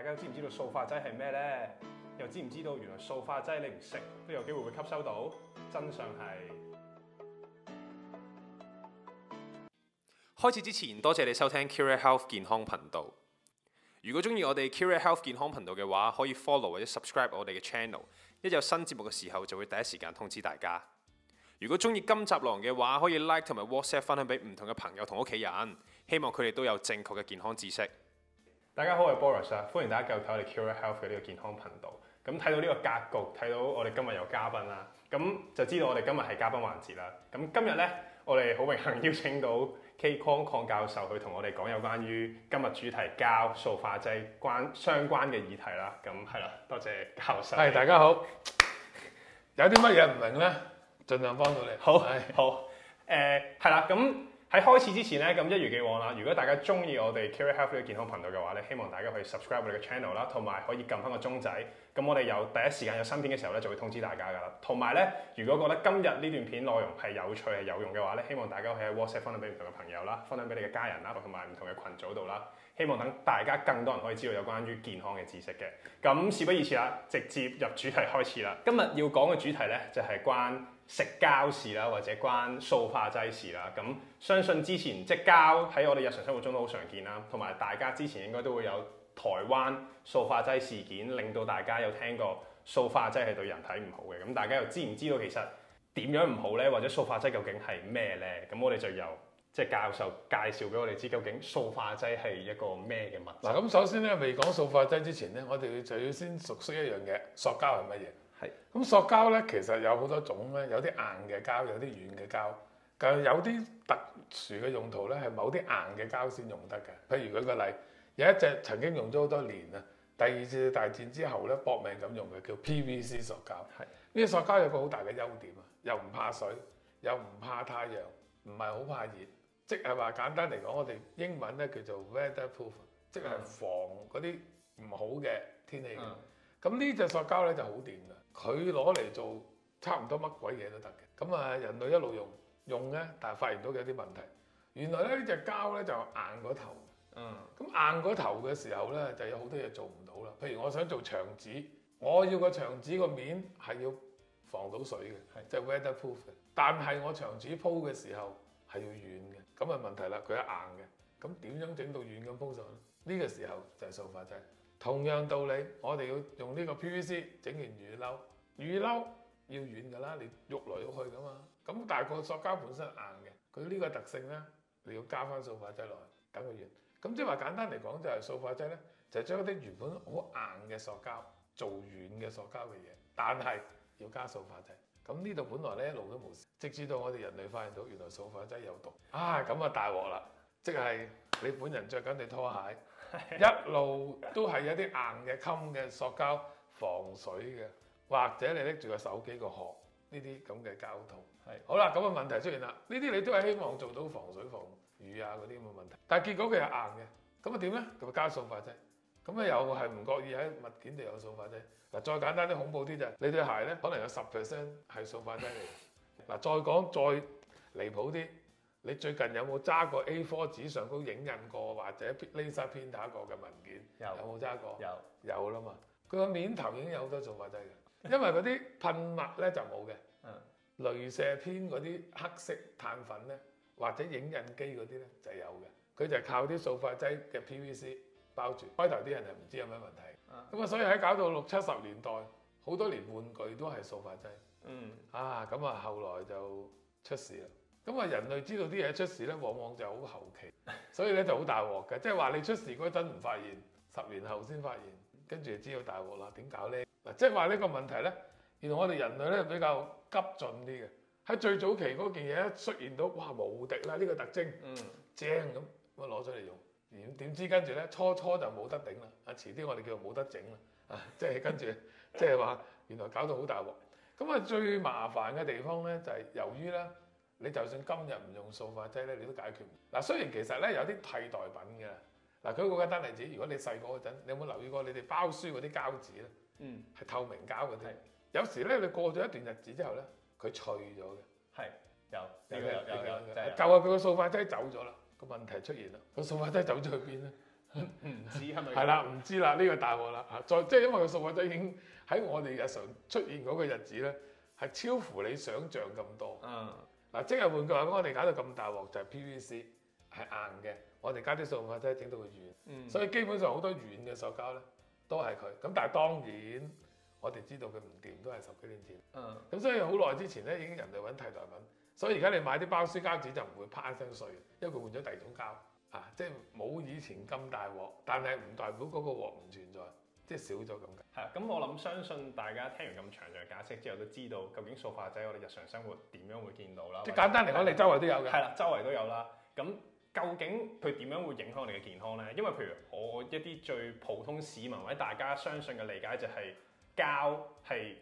大家知唔知道塑化劑係咩呢？又知唔知道原來塑化劑你唔食都有機會會吸收到？真相係開始之前，多謝你收聽 c a r a Health 健康頻道。如果中意我哋 c a r a Health 健康頻道嘅話，可以 follow 或者 subscribe 我哋嘅 channel，一有新節目嘅時候就會第一時間通知大家。如果中意今集內容嘅話，可以 like 同埋 WhatsApp 分享俾唔同嘅朋友同屋企人，希望佢哋都有正確嘅健康知識。大家好，我係 Boris 啊！歡迎大家繼續睇我哋 Cure Health 嘅呢個健康頻道。咁睇到呢個格局，睇到我哋今日有嘉賓啦，咁就知道我哋今日係嘉賓環節啦。咁今日咧，我哋好榮幸邀請到 K Kong Kong 教授去同我哋講有關於今日主題膠塑化劑關相關嘅議題啦。咁係啦，多謝教授、哎。係，大家好，有啲乜嘢唔明咧，盡量幫到你。好係好，誒係啦咁。喺開始之前咧，咁一如既往啦。如果大家中意我哋 Care Health 嘅健康頻道嘅話咧，希望大家可以 subscribe 我哋嘅 channel 啦，同埋可以撳翻個鐘仔。咁我哋有第一時間有新片嘅時候咧，就會通知大家噶啦。同埋咧，如果覺得今日呢段片內容係有趣係有用嘅話咧，希望大家可以喺 WhatsApp 分享俾唔同嘅朋友啦，分享俾你嘅家人啦，同埋唔同嘅群組度啦。希望等大家更多人可以知道有關於健康嘅知識嘅。咁事不宜遲啦，直接入主題開始啦。今日要講嘅主題咧，就係關食膠事啦，或者關塑化劑事啦。咁相信之前即係膠喺我哋日常生活中都好常見啦，同埋大家之前應該都會有。台灣塑化劑事件令到大家有聽過塑化劑係對人體唔好嘅，咁大家又知唔知道其實點樣唔好咧？或者塑化劑究竟係咩咧？咁我哋就由即係教授介紹俾我哋知，究竟塑化劑係一個咩嘅物？嗱，咁首先咧未講塑化劑之前咧，我哋就要先熟悉一樣嘢，塑膠係乜嘢？係是。咁塑膠咧其實有好多種咧，有啲硬嘅膠，有啲軟嘅膠。但有啲特殊嘅用途咧，係某啲硬嘅膠先用得嘅。譬如舉個例。有一隻曾經用咗好多年啊，第二次大戰之後咧，搏命咁用嘅叫 PVC 塑膠。呢個塑膠有個好大嘅優點啊，又唔怕水，又唔怕太陽，唔係好怕熱。即係話簡單嚟講，我哋英文咧叫做 weatherproof、嗯、即係防嗰啲唔好嘅天氣。咁呢隻塑膠咧就好掂啦，佢攞嚟做差唔多乜鬼嘢都得嘅。咁啊，人類一路用用咧，但係發現到有啲問題。原來咧呢隻、這個、膠咧就硬過頭。嗯，硬嗰頭嘅時候咧，就有好多嘢做唔到啦。譬如我想做牆紙，我要個牆紙個面係要防到水嘅，係即係的 weatherproof。嘅。但係我牆紙鋪嘅時候係要軟嘅，咁咪問題啦。佢係硬嘅，咁點樣整到軟咁鋪上去呢？呢個時候就係塑化劑。同樣道理，我哋要用呢個 PVC 整完雨褸，雨褸要軟嘅啦，你喐嚟喐去噶嘛。咁但係個塑膠本身硬嘅，佢呢個特性咧，你要加翻塑化劑落去，等佢軟。咁即係話簡單嚟講，就係塑化劑咧，就係將一啲原本好硬嘅塑膠做軟嘅塑膠嘅嘢，但係要加塑化劑。咁呢度本來咧，一路都冇事，直至到我哋人類發現到原來塑化劑有毒啊！咁啊大鑊啦，即係你本人着緊你拖鞋， 一路都係有啲硬嘅襟嘅塑膠防水嘅，或者你拎住個手機個殼呢啲咁嘅膠套，係好啦，咁嘅問題出現啦。呢啲你都係希望做到防水防。魚啊嗰啲咁嘅問題，但係結果佢又硬嘅，咁啊點咧？咪加塑化劑，咁咧又係唔覺意喺物件度有塑化劑。嗱，再簡單啲恐怖啲就係，你對鞋咧可能有十 percent 係塑化劑嚟嘅。嗱， 再講再離譜啲，你最近有冇揸過 A4 紙上高影印過或者 laser printer 過嘅文件？有有冇揸過？有有啦嘛，佢個面頭已經有好多塑化劑嘅，因為嗰啲噴墨咧就冇嘅。嗯， 雷射編嗰啲黑色碳粉咧。或者影印機嗰啲咧就係有嘅，佢就係靠啲塑化劑嘅 PVC 包住。開頭啲人係唔知有咩問題，咁啊，所以喺搞到六七十年代，好多年玩具都係塑化劑。嗯啊，咁啊，後來就出事啦。咁啊，人類知道啲嘢出事咧，往往就好後期，所以咧就好大鑊嘅。即係話你出事嗰陣唔發現，十年後先發現，跟住就知道大鑊啦。點搞咧？嗱，即係話呢個問題咧，原來我哋人類咧比較急進啲嘅。喺最早期嗰件嘢一出現到，哇無敵啦！呢、呢個特徵，嗯，正咁，咁攞出嚟用，點點知跟住咧，初初就冇得頂啦！啊，遲啲我哋叫冇得整啦，啊，即係跟住，即係話 原來搞到好大鑊。咁啊，最麻煩嘅地方咧、就係，就係由於咧，你就算今日唔用塑化劑咧，你都解決唔到。嗱，雖然其實咧有啲替代品嘅。嗱，舉個簡單例子，如果你細個嗰陣，你有冇留意過你哋包書嗰啲膠紙咧？嗯，係透明膠嗰啲。的的有時咧，你過咗一段日子之後咧。佢脆咗嘅，係有有有有，有，就係佢個塑化劑走咗啦。個問題出現啦，是是 個塑化劑走咗去邊咧？唔知係咪？係啦，唔知啦，呢個大鑊啦。再即係因為個塑化劑已經喺我哋日常出現嗰個日子咧，係超乎你想象咁多。嗯。嗱，即係換句話講，我哋搞到咁大鑊就係、是、PVC 係硬嘅，我哋加啲塑化劑整到佢軟。嗯。所以基本上好多軟嘅塑膠咧，都係佢。咁但係當然。我哋知道佢唔掂都係十幾年前，嗯，咁所以好耐之前咧已經人哋揾替代品，所以而家你買啲包書膠紙就唔會啪一聲碎，因為佢換咗第二種膠，嚇、啊，即係冇以前咁大鑊，但係唔代表嗰個鑊唔存在，即係少咗咁。係咁我諗相信大家聽完咁詳細嘅解釋之後都知道究竟塑化劑我哋日常生活點樣會見到啦。即係簡單嚟講，你周圍都有嘅。係啦，周圍都有啦。咁究竟佢點樣會影響你嘅健康咧？因為譬如我一啲最普通市民或者大家相信嘅理解就係、是。膠係，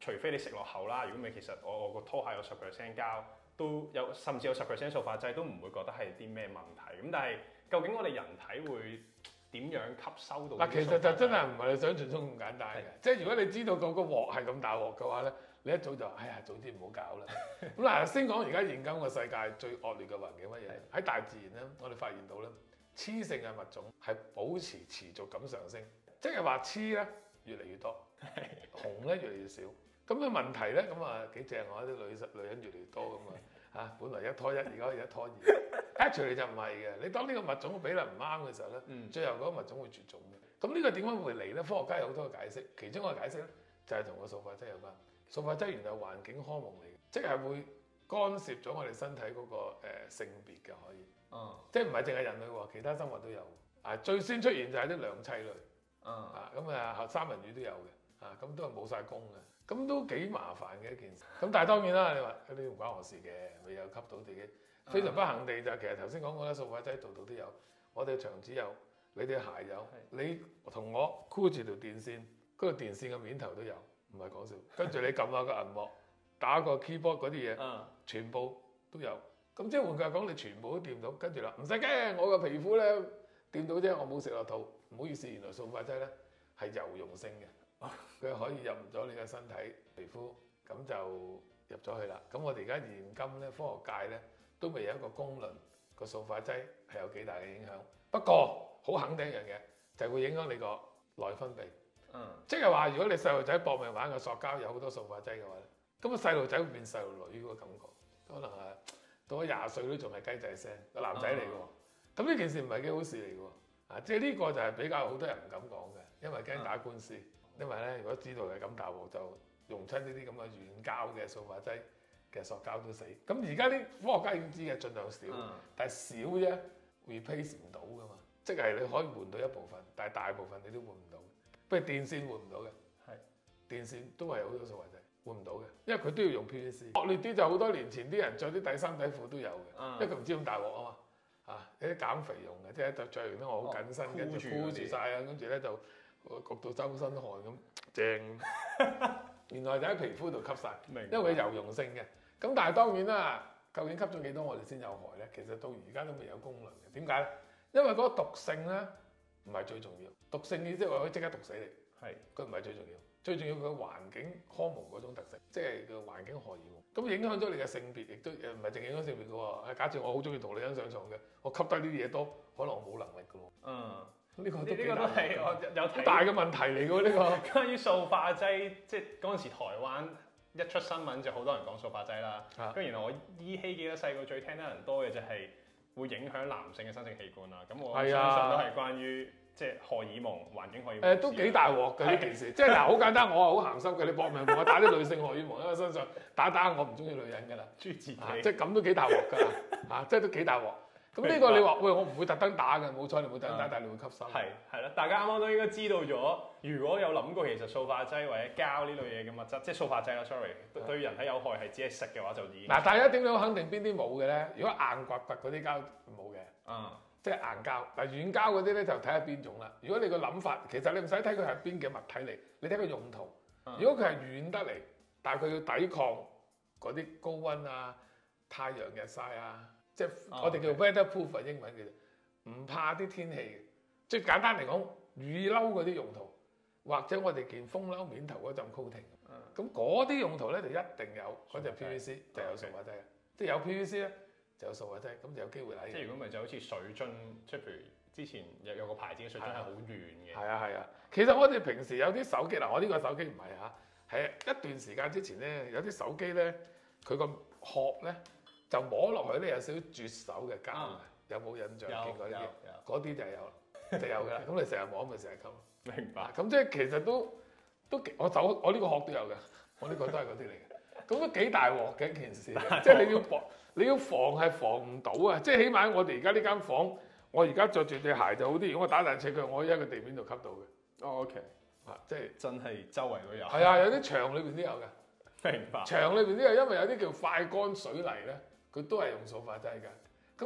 除非你食落口啦。如果唔係，其實我我個拖鞋有十 percent 膠，都有甚至有十 percent 塑化劑，都唔會覺得係啲咩問題。咁但係究竟我哋人體會點樣吸收到？嗱，其實就真係唔係你想像中咁簡單。是的 即係如果你知道個個鑊係咁大鑊嘅話咧，你一早就哎呀，早啲唔好搞啦。咁嗱， 先講而家現今個世界最惡劣嘅環境乜嘢？喺是的 大自然咧，我哋發現到咧，雌性嘅物種係保持持，持續咁上升，即係話雌咧越嚟越多。係、 嗯、紅咧越嚟越少，咁嘅問題咧，咁啊幾正我啲女女人越嚟越多咁啊，吓本來一拖一，而家一拖二，啊，其實就唔係嘅，你當呢個物種嘅比例唔啱嘅時候咧，最後嗰個物種會絕種嘅。咁呢個點樣會嚟咧？科學家有好多嘅解釋，其中一個解釋咧就係同個塑化劑有關。塑化劑原來係環境荷爾蒙嚟，即係會干涉咗我哋身體嗰個誒性別嘅，可以，嗯、即係唔係淨係人類，其他生物都有。啊，最先出現就係啲兩棲類，嗯，啊，咁啊，三文魚都有嘅。啊，咁都係冇晒功嘅，咁都幾麻煩嘅一件事。咁但係當然啦，你話嗰啲唔關我事嘅，未有吸到自己。非常不幸地就，其實頭先講過啦，塑化劑度度都有。我哋牆紙有，你哋鞋有，你同我箍住條電線，嗰個電線嘅面頭都有，唔係講笑。跟住你撳下個銀幕，打個 keyboard 嗰啲嘢，全部都有。咁即係換句話講，你全部都掂到。跟住啦，唔使驚，我個皮膚咧掂到啫，我冇食落肚。唔好意思，原來塑化劑咧係油溶性嘅。佢 可以入咗你嘅身體皮膚，咁就入咗去啦。咁我哋而家現今咧，科學界咧都未有一個功能。個塑化劑係有幾大嘅影響。不過好肯定一樣嘢，就係會影響你個內分泌。嗯，即係話如果你細路仔搏命玩個塑膠，有好多塑化劑嘅話咧，咁個細路仔會變細路女個感覺，可能係到咗廿歲都仲係雞仔聲，個男仔嚟嘅。咁呢、嗯、件事唔係幾好事嚟嘅，啊，即係呢個就係比較好多人唔敢講嘅，因為驚打官司。嗯因為咧，如果知道係咁大鑊，就用親呢啲咁嘅軟膠嘅塑化劑嘅塑膠都死。咁而家啲科學家已經知嘅盡量少，但係少啫 replace 唔到噶嘛。即係你可以換到一部分，但係大部分你都換唔到。不過電線換唔到嘅，係是電線都係好多塑化劑換唔到嘅，因為佢都要用 PVC。惡劣啲就好多年前啲人着啲底衫底褲都有嘅，嗯、因為佢唔知咁大鑊啊嘛。嗯、啊，啲減肥用嘅，即係着完咧我好緊身，跟住箍住晒啊，跟住咧就。焗到周身汗咁，正。 原來就喺皮膚度吸晒， 白因為佢油溶性嘅。咁但係當然啦，究竟吸咗幾多我哋先有害咧？其實到而家都未有公論嘅。點解咧？因為嗰個毒性咧唔係最重要，毒性你即係話佢可以即刻毒死你，係佢唔係最重要。最重要佢環境康毛嗰種特性，即係個環境荷爾蒙。咁影響咗你嘅性別，亦都誒唔係淨影響性別嘅喎。假設我好中意同女人上床嘅，我吸低呢啲嘢多，可能我冇能力嘅咯。嗯。呢個都幾大嘅問題嚟嘅喎，呢、呢個關於塑化劑，即係嗰陣時台灣一出新聞就好多人講塑化劑啦。咁、啊、原來我依稀記得細個最聽得人多嘅就係會影響男性嘅生殖器官啦。咁我相信都係關於、啊、即係荷爾蒙環境荷爾蒙誒，都幾大鑊嘅呢件事。即係嗱，好簡單，我係好鹹濕嘅，你搏命同我打啲女性荷爾蒙喺我身上打打，我唔中意女人㗎啦，豬字、 啊，即係咁都幾大鑊㗎，嚇、啊，即係都幾大鑊。噉呢個你話，喂，我唔會特登打嘅，冇錯，你唔會特登打，嗯、但係你會吸收。係係咯，大家啱啱都應該知道咗，如果有諗過，其實塑化劑或者膠呢類嘢嘅物質，即係塑化劑啊，sorry，的對人體有害係只係食嘅話就已。嗱，大家點樣肯定邊啲冇嘅咧？如果硬刮刮嗰啲膠冇嘅，啊、嗯，即係硬膠。嗱，軟膠嗰啲咧就睇下邊種啦。如果你個諗法其實你唔使睇佢係邊幾物體嚟，你睇佢用途。如果佢係軟得嚟，但係佢要抵抗嗰啲高溫啊、太陽日曬啊。即係我哋叫 weatherproof、oh, okay. 英文叫做唔怕啲天氣嘅。即係簡單嚟講，雨褸嗰啲用途，或者我哋件風褸面頭嗰陣 coating，咁嗰啲用途咧就一定有，嗰隻 PVC 就有塑化劑嘅。Okay. 即係有 PVC 咧就有塑化劑，咁就有機會係。即係如果咪就好似水樽，即係譬如之前有有個牌子嘅水樽係好軟嘅。係啊係啊，啊，其實我哋平時有啲手機嗱，我呢個手機唔係啊，係一段時間之前咧有啲手機咧，佢個殼咧。就摸落去咧有少少絕手嘅膠，有冇印象見過呢啲？嗰啲就有啦，就有嘅。咁你成日摸咪成日吸。明白。咁即係其實都都我走我呢個殼都有嘅，我呢個都係嗰啲嚟嘅。咁都幾大鑊嘅一件事，即係你要防你要防係防唔到啊！即係起碼我哋而家呢間房，我而家着住對鞋就好啲。如果我打赤腳，我喺個地面度吸到嘅。哦 OK，啊，即係真係周圍都有。係啊，有啲牆裏邊都有嘅。明白。牆裏邊都有，因為有啲叫快乾水泥咧。佢都係用塑化劑㗎，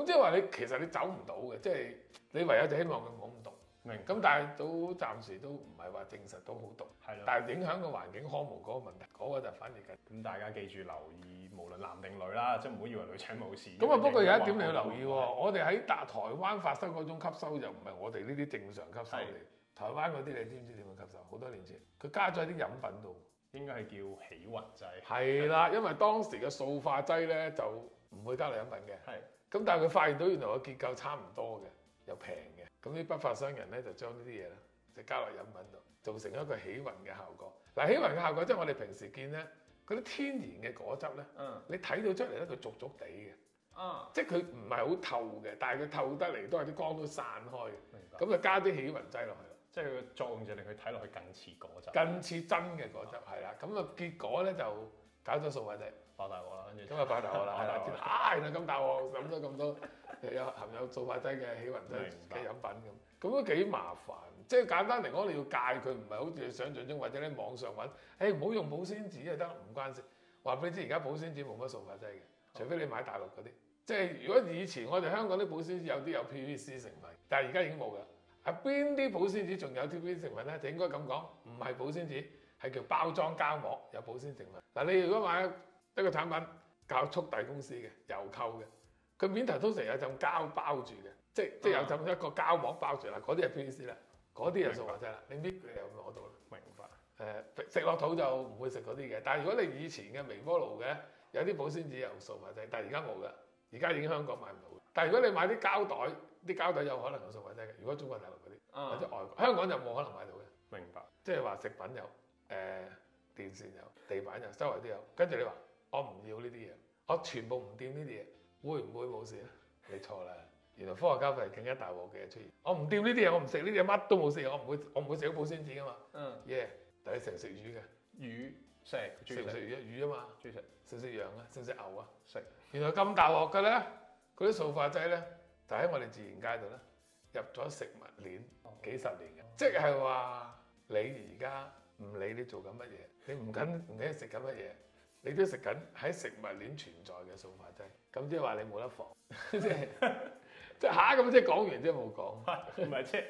咁即係話你其實你走唔到嘅，即係你唯有就希望佢冇咁毒，明 kers？咁但係都暫時都唔係話證實都好毒，係咯了？但係影響個環境康護嗰個問題，嗰個就反而緊。咁大家記住留意，無論男定女啦，即係唔好以為女仔冇事。咁啊，不過有一點你要留意喎，對我哋喺大台灣發生嗰種吸收就唔係我哋呢啲正常吸收嚟。對台灣嗰啲你知唔知點樣吸收？好多年前佢加咗喺啲飲品度，應該係叫起雲劑。係啦，因為當時嘅塑化劑咧就。唔會加落飲品嘅，係咁，但係佢發現到原來個結構差唔多嘅，又平嘅，咁啲不法商人咧就將呢啲嘢咧就加落飲品度，造成一個起雲嘅效果。嗱，起雲嘅效果即係我哋平時見咧嗰啲天然嘅果汁咧，嗯，你睇到出嚟咧佢濁濁哋嘅，啊，即係佢唔係好透嘅，但係佢透得嚟都係啲光都散開嘅，明白。咁就加啲起雲劑落去，即係佢作用就令佢睇落去更似果汁，更似真嘅果汁係啦。咁啊，結果咧就搞咗數位低。爆大鑊啦！跟住今日爆大鑊啦！嚇、 啊，原來咁大鑊，飲咗咁多有含有塑化劑嘅起雲劑嘅飲品咁，咁都幾麻煩。即係簡單嚟講，你要戒佢，唔係好似你想象中或者你網上揾，誒唔好用保鮮紙就得，唔關事。話俾你知，而家保鮮紙冇乜塑化劑嘅，除非你買大陸嗰啲。即係如果以前我哋香港啲保鮮紙有啲有 PVC 成分，但係而家已經冇㗎。係邊啲保鮮紙仲有 PVC 成分咧？就應該咁講，唔係保鮮紙，係叫包裝膠膜有保鮮成分。嗱，你如果買，一個產品教速遞公司嘅郵購嘅，佢面頭通常有陣膠包住嘅、啊，即即有陣一個膠膜包住啦。嗰啲係 PVC 啦，嗰啲就塑化劑啦。你呢個又攞到啦？明白。誒，食落白、呃、肚就唔會食嗰啲嘅。但係如果你以前嘅微波爐嘅有啲保鮮紙又塑化劑，但係而家冇㗎。而家已經香港買唔到。但係如果你買啲膠袋，啲膠袋有可能有塑化劑嘅。如果中國大陸嗰啲、啊、或者外國，香港就冇可能買到嘅。明白。即係話食品有，誒、呃、電線有，地板有，周圍都有。跟住你話。我唔要呢啲嘢，我全部唔掂呢啲嘢，會唔會冇事咧？ 你錯啦，原來科學家佢係更加大鑊嘅出現。我唔掂呢啲嘢，我唔食呢啲嘢，乜都冇事。我唔會我唔會食到保鮮紙噶嘛。嗯 yeah 但係成日食魚嘅魚食，食唔食魚啊魚啊嘛，食食羊啊？食食牛啊？食，原來咁大鑊嘅咧，嗰啲塑化劑咧就喺我哋自然界度咧，入咗食物鏈幾十年嘅，哦哦、即係話你而家唔理你做緊乜嘢，你唔緊唔理你食緊乜嘢。你都食緊喺食物鏈存在嘅塑化劑，咁即係話你冇得防， 即係即係下咁即係講完即係冇講，唔係即係，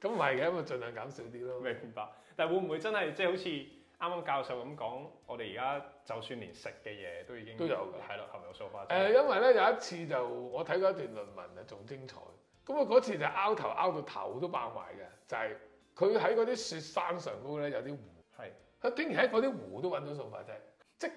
咁唔係嘅，咪盡量減少啲咯。明白，但會唔會真係即係好似啱啱教授咁講，我哋而家就算連食嘅嘢都已經都有嘅，係咯對，含有塑化劑？誒、呃，因為咧有一次就我睇過一段論文就仲精彩，咁啊嗰次就拗頭拗到頭都爆埋嘅，就係佢喺嗰啲雪山上高咧有啲湖，係是，佢竟然喺嗰啲湖都揾到塑化劑。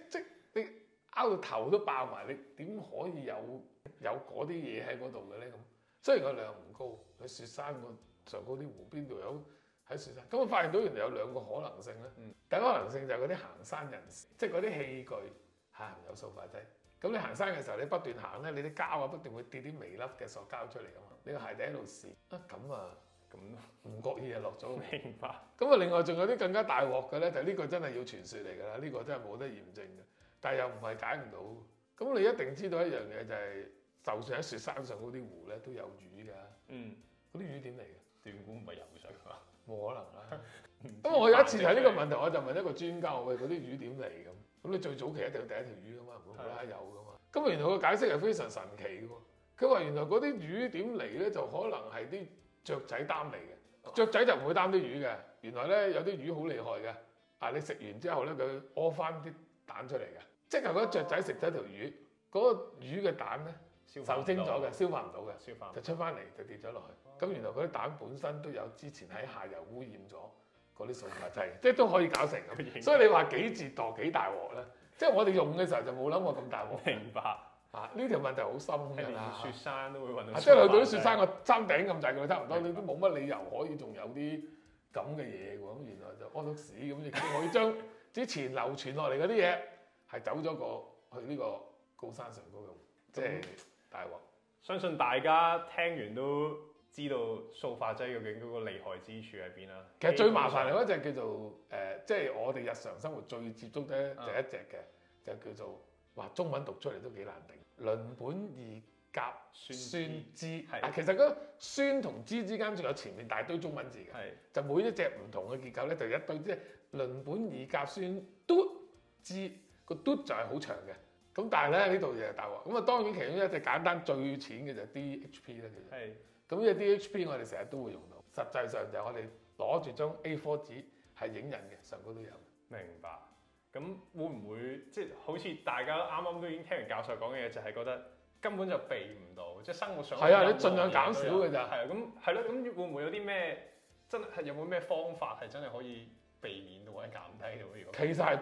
即即你拗到頭都爆埋，你點可以有有嗰啲嘢喺嗰度嘅咧？咁雖然個量唔高，喺雪山個上高啲湖邊度有喺雪山，咁我發現到原來有兩個可能性咧。嗯、第一個可能性就係嗰啲行山人士，即係嗰啲器具係、啊啊、有掃把仔。咁你行山嘅時候，你不斷行咧，你啲膠啊不斷會跌啲微粒嘅塑膠出嚟㗎嘛。你個鞋底喺度蝕啊咁啊！唔唔覺意就落咗。明白。咁啊，另外仲有啲更加大鑊嘅咧，就呢、是、個真係要傳説嚟㗎啦。呢、這個真係冇得驗證嘅，但係又唔係解唔到。咁你一定知道一樣嘢，就係、是、就算喺雪山上嗰啲湖咧都有魚㗎。嗯。嗰啲魚點嚟嘅？斷估唔係游水㗎嘛？冇可能啊！咁、嗯嗯、我有一次睇呢個問題，我就問一個專家：喂，嗰啲魚點嚟咁？咁你最早期一定要第一條魚㗎嘛，冇冇啦有㗎嘛。咁的原來個解釋係非常神奇嘅。佢話原來嗰啲魚點嚟咧，就可能係啲。雀仔擔嚟嘅，雀仔就唔會擔啲魚嘅。原來咧，有啲魚好厲害嘅，啊你食完之後咧，佢屙翻啲蛋出嚟嘅。即係嗰隻雀仔食咗條魚，嗰、嗰個魚嘅蛋咧，受精咗嘅，消化唔到嘅，消化就出翻嚟就跌咗落去。咁原來嗰啲蛋本身都有之前喺下游污染咗嗰啲塑化劑，即係都可以搞成咁。所以你話幾折墮幾大鑊咧？即係我哋用嘅時候就冇諗過咁大鑊㗎。明白。呢條、啊這個、問題好深㗎，連雪山都會搵到。即係去到啲雪山個山頂咁大，佢差唔多，你的都冇乜理由可以仲有啲咁嘅嘢喎。咁原來就安樂死咁，亦都可以將之前流傳落嚟嗰啲嘢係走咗個去呢個高山上嗰度，即係、就是、大鑊混。相信大家聽完都知道塑化劑究竟嗰個厲害之處喺邊啦。其實最麻煩嗰隻叫做誒，即、呃、係、就是、我哋日常生活最接觸咧、嗯、就一隻嘅，就叫做哇，中文讀出嚟都幾難頂。鄰 苯二甲酸酯的，嗱其實嗰酸同酯之間仲有前面大堆中文字嘅，的就每一隻唔同嘅結構咧，就是、一對即鄰苯二甲酸嘟酯，個嘟、哦、就係好長嘅。咁但係咧呢度又係大鑊，咁啊當然其中一隻簡單最淺嘅就 DHP 啦，其實。係的。咁呢個 DHP 我哋成日都會用到，實際上就係我哋攞住張 A4 紙係影印嘅，上高都有。明白。咁會唔會即係好似大家啱啱都已經聽完教授講嘅嘢，就係、是、覺得根本就避唔到，即係生活上係啊，你盡量減少嘅啫，係啊，咁係咯，咁會唔會有啲咩真係有冇咩方法係真係可以避免到或者減低到？呢個其實係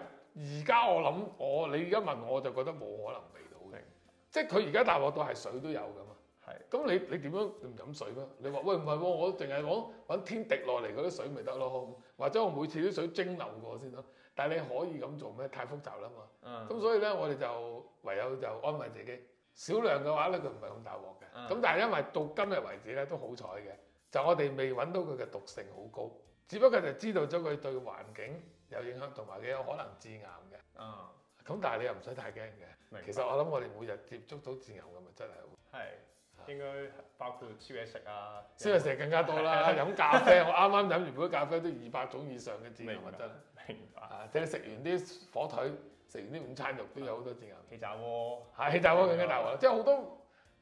而家我諗，我你而家問我，就覺得冇可能避到嘅，的即係佢而家大鑊到係水都有噶嘛，係咁的你你點樣唔飲水咩？你話喂唔係喎，我淨係攞揾天滴落嚟嗰啲水咪得咯，或者我每次啲水蒸餾過先得。但係你可以咁做咩？太複雜啦嘛。咁、嗯、所以咧，我哋就唯有就安慰自己，少量嘅話咧，佢唔係咁大鑊嘅。咁、嗯、但係因為到今日為止咧，都好彩嘅，就我哋未揾到佢嘅毒性好高，只不過就知道咗佢對環境有影響，同埋佢有可能致癌嘅。嗯。咁但係你又唔使太驚嘅。明白。其實我諗我哋每日接觸到致癌嘅物質係。係。應該包括燒嘢食啊，燒嘢食更加多啦。飲咖啡，我啱啱飲完杯咖啡都二百種以上嘅致癌物質。明白。即係你食完啲火腿，食完啲午餐肉都有好多致癌。氣炸鍋，係氣炸鍋更加大鑊，即係好多，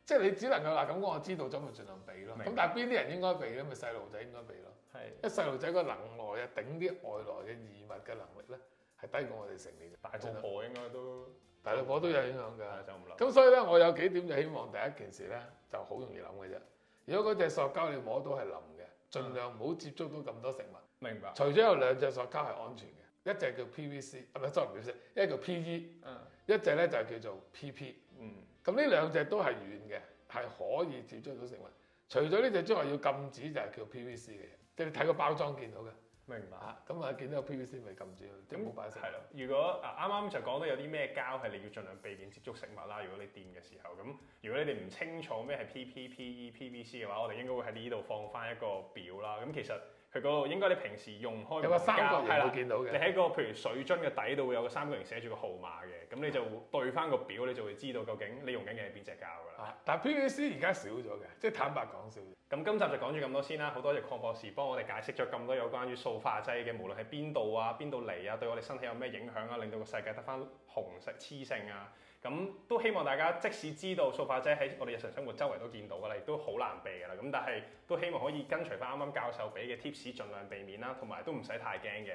即係你只能夠嗱，咁我我知道，咪盡量避咯。咁但係邊啲人應該避咧？咪細路仔應該避咯。係。因為細路仔個能耐呀頂啲外來嘅異物嘅能力咧，係低過我哋成年嘅。大肚婆應該都。大陸貨都有影響㗎，咁所以咧，我有幾點就希望。第一件事咧，就好容易諗嘅啫。如果嗰隻塑膠你摸到係腍嘅，盡、嗯、量唔好接觸到咁多食物。明白。除咗有兩隻塑膠係安全嘅，一隻叫 PVC，唔係 sorry，一個叫 PE，嗯，一隻咧就係叫做 PP，嗯。咁呢兩隻都係軟嘅，係可以接觸到食物。除咗呢隻之外，要禁止就係叫 PVC 嘅，即係你睇個包裝見到嘅。明白，咁啊見到、嗯、有 PVC 咪撳住咯，即係冇擺曬先。係啦，如果啊啱啱就講到有啲咩膠係你要儘量避免接觸食物啦。如果你掂嘅時候咁，如果你哋唔清楚咩係 P P P E P V C 嘅話，我哋應該會喺呢度放翻一個表啦。咁其實。佢嗰度應該你平時用開有個三角形，係啦，你喺個譬如水樽嘅底度會有個三角形寫住個號碼嘅，咁、嗯、你就對翻個表，你就會知道究竟你用緊嘅係邊隻膠㗎啦。啊，但 PVC 而家少咗嘅，即係坦白講少咗。咁的今集就講咗咁多先啦，好多謝鄺博士幫我哋解釋咗咁多有關於塑化劑嘅，無論係邊度啊、邊度嚟啊，對我哋身體有咩影響啊，令到個世界得翻雄性雌性啊！咁都希望大家即使知道塑化劑喺我哋日常生活周圍都見到噶啦，亦都好難避噶啦。咁但係都希望可以跟隨翻啱啱教授俾嘅 tips 盡量避免啦，同埋都唔使太驚嘅。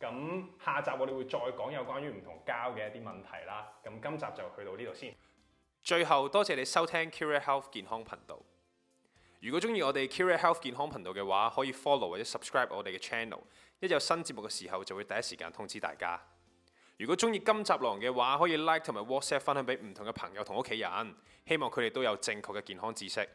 咁下集我哋會再講有關於唔同膠嘅一啲問題啦。咁今集就去到呢度先。最後多謝你收聽 Care Health 健康頻道。如果中意我哋 Care Health 健康頻道嘅話，可以 follow 或者 subscribe 我哋嘅 channel。一有新節目嘅時候，就會第一時間通知大家。如果中意今集狼嘅話，可以 Like 同埋 WhatsApp 分享俾唔同嘅朋友同屋企人，希望佢哋都有正確嘅健康知識。